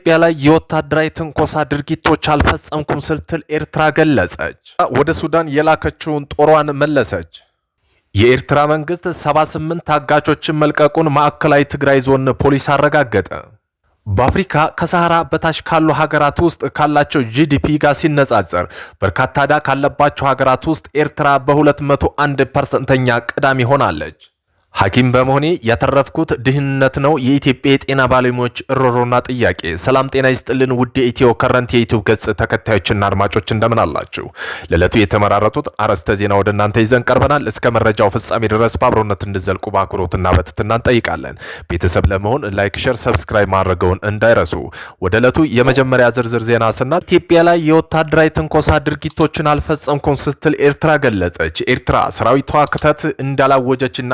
በኢትዮጵያ ላይ የወታደራዊ ትንኮሳ ድርጊቶች አልፈጸምኩም ስትል ኤርትራ ገለጸች። ወደ ሱዳን የላከችውን ጦሯን መለሰች። የኤርትራ መንግስት 78 ታጋቾችን መልቀቁን ማዕከላዊ ትግራይ ዞን ፖሊስ አረጋገጠ። በአፍሪካ ከሰሃራ በታች ካሉ ሀገራት ውስጥ ካላቸው ጂዲፒ ጋር ሲነጻጸር በርካታ ዕዳ ካለባቸው ሀገራት ውስጥ ኤርትራ በ201 ፐርሰንተኛ ቀዳሚ ሆናለች። ሐኪም በመሆኔ ያተረፍኩት ድህነት ነው። የኢትዮጵያ የጤና ባለሙያዎች ሮሮና ጥያቄ። ሰላም ጤና ይስጥልን ውድ ኢትዮ ከረንት የዩቲዩብ ገጽ ተከታዮችና አድማጮች እንደምን አላችሁ? ለዕለቱ የተመራረጡት አርዕስተ ዜና ወደ እናንተ ይዘን ቀርበናል። እስከ መረጃው ፍጻሜ ድረስ በአብሮነት እንዲዘልቁ በአክብሮትና በትህትና እንጠይቃለን። ቤተሰብ ለመሆን ላይክ፣ ሸር፣ ሰብስክራይብ ማድረገውን እንዳይረሱ። ወደ ዕለቱ የመጀመሪያ ዝርዝር ዜና ስናል ኢትዮጵያ ላይ የወታደራዊ ትንኮሳ ድርጊቶችን አልፈጸምኩም ስትል ኤርትራ ገለጠች ኤርትራ ሰራዊቷ ክተት እንዳላወጀችና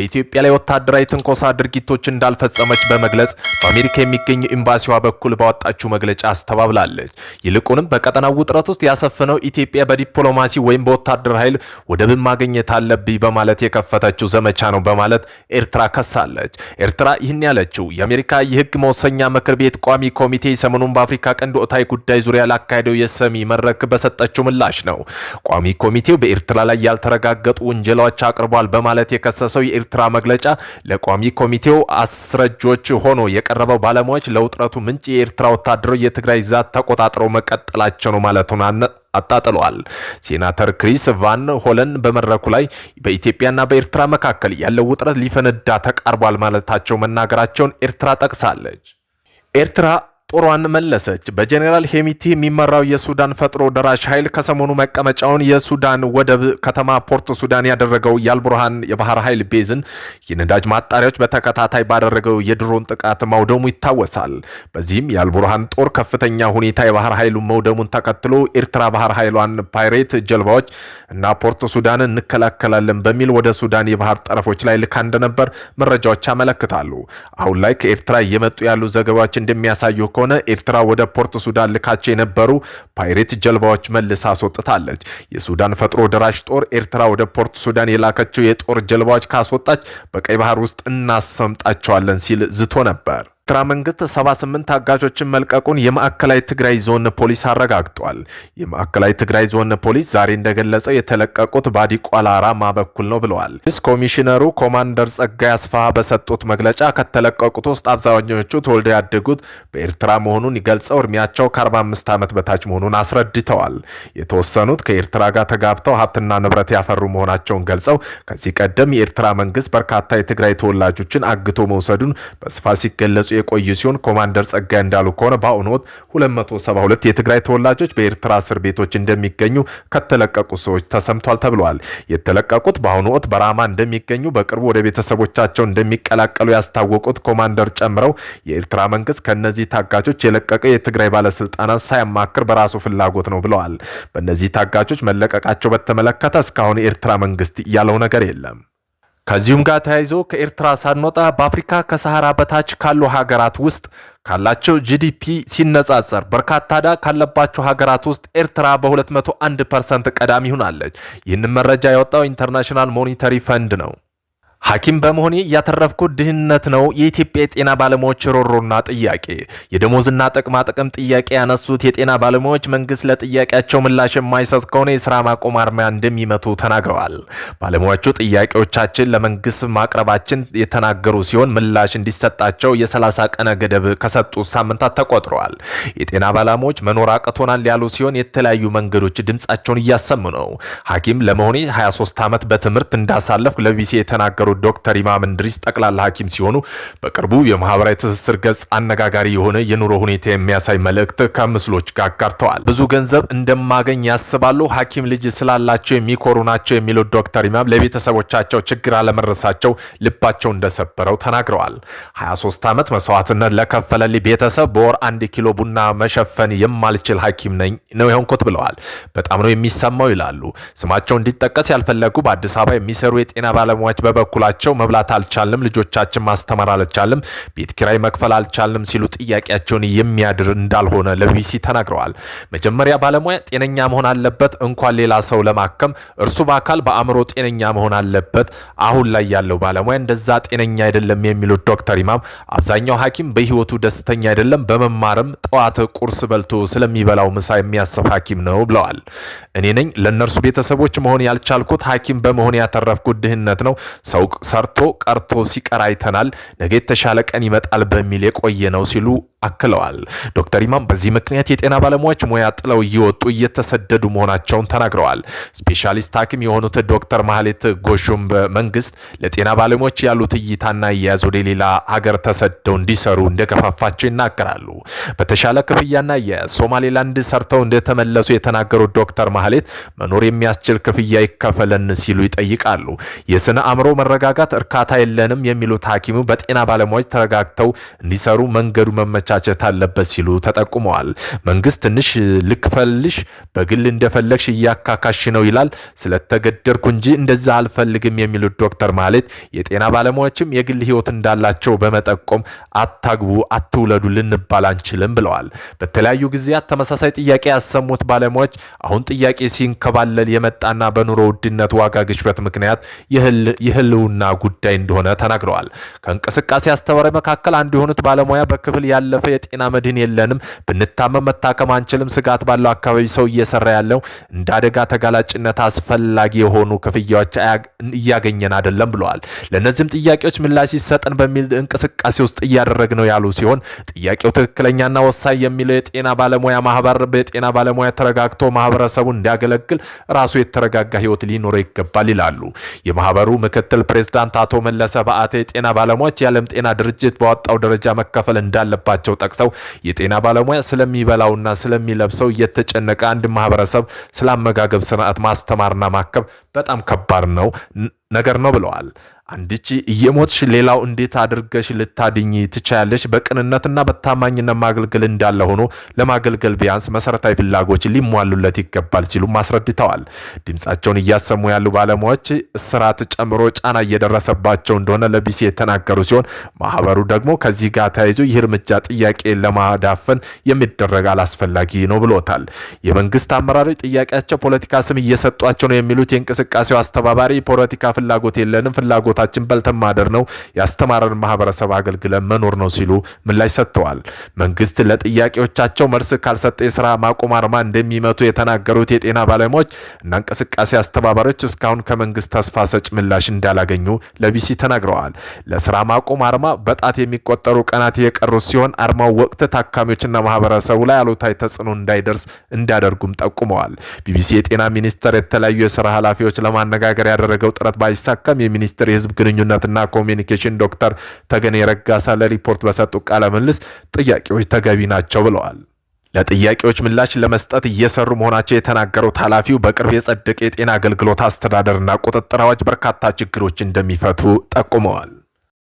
በኢትዮጵያ ላይ ወታደራዊ ትንኮሳ ድርጊቶች እንዳልፈጸመች በመግለጽ በአሜሪካ የሚገኝ ኤምባሲዋ በኩል ባወጣችው መግለጫ አስተባብላለች። ይልቁንም በቀጠናው ውጥረት ውስጥ ያሰፍነው ኢትዮጵያ በዲፕሎማሲ ወይም በወታደር ኃይል ወደብን ማግኘት አለብኝ በማለት የከፈተችው ዘመቻ ነው በማለት ኤርትራ ከሳለች። ኤርትራ ይህን ያለችው የአሜሪካ የህግ መወሰኛ ምክር ቤት ቋሚ ኮሚቴ ሰሞኑን በአፍሪካ ቀንድ ወቅታዊ ጉዳይ ዙሪያ ላካሄደው የሰሚ መድረክ በሰጠችው ምላሽ ነው። ቋሚ ኮሚቴው በኤርትራ ላይ ያልተረጋገጡ ውንጀላዎች አቅርቧል በማለት የከሰሰው የኤርትራ መግለጫ ለቋሚ ኮሚቴው አስረጆች ሆኖ የቀረበው ባለሙያዎች ለውጥረቱ ምንጭ የኤርትራ ወታደሮች የትግራይ ዛት ተቆጣጥረው መቀጠላቸው ነው ማለቱን አጣጥለዋል። ሴናተር ክሪስ ቫን ሆለን በመድረኩ ላይ በኢትዮጵያና በኤርትራ መካከል ያለው ውጥረት ሊፈነዳ ተቃርቧል ማለታቸው መናገራቸውን ኤርትራ ጠቅሳለች። ኤርትራ ጦሯን መለሰች። በጄኔራል ሄሚቲ የሚመራው የሱዳን ፈጥኖ ደራሽ ኃይል ከሰሞኑ መቀመጫውን የሱዳን ወደብ ከተማ ፖርት ሱዳን ያደረገው የአልቡርሃን የባህር ኃይል ቤዝን የነዳጅ ማጣሪያዎች በተከታታይ ባደረገው የድሮን ጥቃት መውደሙ ይታወሳል። በዚህም የአልቡርሃን ጦር ከፍተኛ ሁኔታ የባህር ኃይሉ መውደሙን ተከትሎ ኤርትራ ባህር ኃይሏን ፓይሬት ጀልባዎች እና ፖርት ሱዳን እንከላከላለን በሚል ወደ ሱዳን የባህር ጠረፎች ላይ ልካ እንደነበር መረጃዎች ያመለክታሉ። አሁን ላይ ከኤርትራ እየመጡ ያሉ ዘገባዎች እንደሚያሳዩ ከሆነ ኤርትራ ወደ ፖርት ሱዳን ልካቸው የነበሩ ፓይሬት ጀልባዎች መልሳ አስወጥታለች። የሱዳን ፈጥሮ ደራሽ ጦር ኤርትራ ወደ ፖርት ሱዳን የላከችው የጦር ጀልባዎች ካስወጣች በቀይ ባህር ውስጥ እናሰምጣቸዋለን ሲል ዝቶ ነበር። የኤርትራ መንግስት 78 አጋጆችን መልቀቁን የማዕከላዊ ትግራይ ዞን ፖሊስ አረጋግጧል። የማዕከላዊ ትግራይ ዞን ፖሊስ ዛሬ እንደገለጸው የተለቀቁት ባዲ ራማ በኩል ነው ብለዋል። ፖሊስ ኮሚሽነሩ ኮማንደር ጸጋይ አስፋ በሰጡት መግለጫ ከተለቀቁት ውስጥ አብዛኞቹ ተወልደው ያደጉት በኤርትራ መሆኑን ይገልጸው እድሜያቸው ከ45 ዓመት በታች መሆኑን አስረድተዋል። የተወሰኑት ከኤርትራ ጋር ተጋብተው ሀብትና ንብረት ያፈሩ መሆናቸውን ገልጸው ከዚህ ቀደም የኤርትራ መንግስት በርካታ የትግራይ ተወላጆችን አግቶ መውሰዱን በስፋት ሲገለጹ የቆዩ ሲሆን ኮማንደር ጸጋይ እንዳሉ ከሆነ በአሁኑ ወቅት 272 የትግራይ ተወላጆች በኤርትራ እስር ቤቶች እንደሚገኙ ከተለቀቁ ሰዎች ተሰምቷል ተብለዋል። የተለቀቁት በአሁኑ ወቅት በራማ እንደሚገኙ በቅርቡ ወደ ቤተሰቦቻቸው እንደሚቀላቀሉ ያስታወቁት ኮማንደር ጨምረው የኤርትራ መንግስት ከእነዚህ ታጋቾች የለቀቀ የትግራይ ባለስልጣናት ሳያማክር በራሱ ፍላጎት ነው ብለዋል። በእነዚህ ታጋቾች መለቀቃቸው በተመለከተ እስካሁን የኤርትራ መንግስት ያለው ነገር የለም። ከዚሁም ጋር ተያይዞ ከኤርትራ ሳንወጣ በአፍሪካ ከሰሃራ በታች ካሉ ሀገራት ውስጥ ካላቸው ጂዲፒ ሲነጻጸር በርካታ ዕዳ ካለባቸው ሀገራት ውስጥ ኤርትራ በ201 ፐርሰንት ቀዳሚ ሆናለች። ይህንን መረጃ ያወጣው ኢንተርናሽናል ሞኒተሪ ፈንድ ነው። ሐኪም በመሆኔ እያተረፍኩት ድህነት ነው። የኢትዮጵያ የጤና ባለሙያዎች ሮሮና ጥያቄ የደሞዝና ጥቅማ ጥቅም ጥያቄ ያነሱት የጤና ባለሙያዎች መንግስት ለጥያቄያቸው ምላሽ የማይሰጥ ከሆነ የስራ ማቆም አርማያ እንደሚመቱ ተናግረዋል። ባለሙያዎቹ ጥያቄዎቻችን ለመንግስት ማቅረባችን የተናገሩ ሲሆን ምላሽ እንዲሰጣቸው የ30 ቀነ ገደብ ከሰጡ ሳምንታት ተቆጥረዋል። የጤና ባለሙያዎች መኖር አቅቶናል ያሉ ሲሆን የተለያዩ መንገዶች ድምጻቸውን እያሰሙ ነው። ሐኪም ለመሆኔ 23 ዓመት በትምህርት እንዳሳለፍ ለቢሲ የተናገሩ የነበሩት ዶክተር ኢማም እንድሪስ ጠቅላላ ሐኪም ሲሆኑ በቅርቡ የማህበራዊ ትስስር ገጽ አነጋጋሪ የሆነ የኑሮ ሁኔታ የሚያሳይ መልእክት ከምስሎች ጋር አጋርተዋል። ብዙ ገንዘብ እንደማገኝ ያስባሉ፣ ሐኪም ልጅ ስላላቸው የሚኮሩ ናቸው የሚሉት ዶክተር ኢማም ለቤተሰቦቻቸው ችግር አለመድረሳቸው ልባቸው እንደሰበረው ተናግረዋል። 23 ዓመት መስዋዕትነት ለከፈለልኝ ቤተሰብ በወር አንድ ኪሎ ቡና መሸፈን የማልችል ሐኪም ነኝ ነው የሆንኩት ብለዋል። በጣም ነው የሚሰማው ይላሉ። ስማቸው እንዲጠቀስ ያልፈለጉ በአዲስ አበባ የሚሰሩ የጤና ባለሙያዎች በበኩል በበኩላቸው መብላት አልቻልም ልጆቻችን ማስተማር አልቻልም። ቤት ኪራይ መክፈል አልቻልም ሲሉ ጥያቄያቸውን የሚያድር እንዳልሆነ ለቢቢሲ ተናግረዋል። መጀመሪያ ባለሙያ ጤነኛ መሆን አለበት፣ እንኳን ሌላ ሰው ለማከም እርሱ በአካል በአእምሮ ጤነኛ መሆን አለበት። አሁን ላይ ያለው ባለሙያ እንደዛ ጤነኛ አይደለም የሚሉት ዶክተር ኢማም አብዛኛው ሐኪም በህይወቱ ደስተኛ አይደለም፣ በመማርም ጠዋት ቁርስ በልቶ ስለሚበላው ምሳ የሚያስብ ሐኪም ነው ብለዋል። እኔ ነኝ ለእነርሱ ቤተሰቦች መሆን ያልቻልኩት ሐኪም በመሆን ያተረፍኩት ድህነት ነው። ሰው ሰርቶ ቀርቶ ሲቀር አይተናል። ነገ የተሻለ ቀን ይመጣል በሚል የቆየ ነው ሲሉ አክለዋል። ዶክተር ኢማም በዚህ ምክንያት የጤና ባለሙያዎች ሙያ ጥለው እየወጡ እየተሰደዱ መሆናቸውን ተናግረዋል። ስፔሻሊስት ሐኪም የሆኑት ዶክተር ማህሌት ጎሹም በመንግስት ለጤና ባለሙያዎች ያሉት እይታና እያያዝ ወደ ሌላ ሀገር ተሰደው እንዲሰሩ እንደገፋፋቸው ይናገራሉ። በተሻለ ክፍያና ሶማሌላንድ ሰርተው እንደተመለሱ የተናገሩት ዶክተር ማህሌት መኖር የሚያስችል ክፍያ ይከፈለን ሲሉ ይጠይቃሉ። የስነ አእምሮ መረጋጋት እርካታ የለንም የሚሉት ሐኪሙ በጤና ባለሙያዎች ተረጋግተው እንዲሰሩ መንገዱ መመቸ መመቻቸት አለበት ሲሉ ተጠቁመዋል። መንግስት ትንሽ ልክፈልሽ በግል እንደፈለግሽ እያካካሽ ነው ይላል። ስለተገደርኩ እንጂ እንደዛ አልፈልግም የሚሉት ዶክተር ማለት የጤና ባለሙያዎችም የግል ህይወት እንዳላቸው በመጠቆም አታግቡ፣ አትውለዱ ልንባል አንችልም ብለዋል። በተለያዩ ጊዜያት ተመሳሳይ ጥያቄ ያሰሙት ባለሙያዎች አሁን ጥያቄ ሲንከባለል የመጣና በኑሮ ውድነት ዋጋ ግሽበት ምክንያት የህልውና ጉዳይ እንደሆነ ተናግረዋል። ከእንቅስቃሴ አስተባባሪ መካከል አንዱ የሆኑት ባለሙያ በክፍል ያለ ያለፈ የጤና መድህን የለንም። ብንታመም መታከም አንችልም። ስጋት ባለው አካባቢ ሰው እየሰራ ያለው እንደ አደጋ ተጋላጭነት አስፈላጊ የሆኑ ክፍያዎች እያገኘን አይደለም ብለዋል። ለእነዚህም ጥያቄዎች ምላሽ ይሰጠን በሚል እንቅስቃሴ ውስጥ እያደረግ ነው ያሉ ሲሆን ጥያቄው ትክክለኛና ወሳኝ የሚለው የጤና ባለሙያ ማህበር በጤና ባለሙያ ተረጋግቶ ማህበረሰቡን እንዲያገለግል ራሱ የተረጋጋ ህይወት ሊኖረው ይገባል ይላሉ። የማህበሩ ምክትል ፕሬዝዳንት አቶ መለሰ በአተ የጤና ባለሙያዎች የዓለም ጤና ድርጅት በወጣው ደረጃ መከፈል እንዳለባቸው መሆናቸው ጠቅሰው የጤና ባለሙያ ስለሚበላውና ስለሚለብሰው የተጨነቀ አንድ ማህበረሰብ ስለ አመጋገብ ስርዓት ማስተማርና ማከብ በጣም ከባድ ነው ነገር ነው ብለዋል። አንድች እየሞትሽ ሌላው እንዴት አድርገሽ ልታድኝ ትቻያለሽ? በቅንነትና በታማኝነት ማገልገል እንዳለ ሆኖ ለማገልገል ቢያንስ መሰረታዊ ፍላጎች ሊሟሉለት ይገባል ሲሉም አስረድተዋል። ድምፃቸውን እያሰሙ ያሉ ባለሙያዎች እስራት ጨምሮ ጫና እየደረሰባቸው እንደሆነ ለቢሲ የተናገሩ ሲሆን ማህበሩ ደግሞ ከዚህ ጋር ተያይዞ ይህ እርምጃ ጥያቄ ለማዳፈን የሚደረግ አላስፈላጊ ነው ብሎታል። የመንግስት አመራሮች ጥያቄያቸው ፖለቲካ ስም እየሰጧቸው ነው የሚሉት የእንቅስቃሴው አስተባባሪ ፖለቲካ ፍላጎት የለንም ፍላጎት መብታችን በልተን ማደር ነው፣ ያስተማረን ማህበረሰብ አገልግለን መኖር ነው ሲሉ ምላሽ ሰጥተዋል። መንግስት ለጥያቄዎቻቸው መልስ ካልሰጠ የስራ ማቆም አርማ እንደሚመቱ የተናገሩት የጤና ባለሙያዎች እና እንቅስቃሴ አስተባባሪዎች እስካሁን ከመንግስት ተስፋ ሰጭ ምላሽ እንዳላገኙ ለቢሲ ተናግረዋል። ለስራ ማቆም አርማ በጣት የሚቆጠሩ ቀናት የቀሩት ሲሆን አርማው ወቅት ታካሚዎችና ማህበረሰቡ ላይ አሉታዊ ተጽዕኖ እንዳይደርስ እንዲያደርጉም ጠቁመዋል። ቢቢሲ የጤና ሚኒስቴር የተለያዩ የስራ ኃላፊዎች ለማነጋገር ያደረገው ጥረት ባይሳካም የሚኒስቴር የህዝብ የህዝብ ግንኙነትና ኮሚኒኬሽን ዶክተር ተገኔ ረጋሳ ለሪፖርት በሰጡ ቃለ ምልልስ ጥያቄዎች ተገቢ ናቸው ብለዋል። ለጥያቄዎች ምላሽ ለመስጠት እየሰሩ መሆናቸው የተናገሩት ኃላፊው በቅርብ የጸደቀ የጤና አገልግሎት አስተዳደርና ቁጥጥር አዋጅ በርካታ ችግሮች እንደሚፈቱ ጠቁመዋል።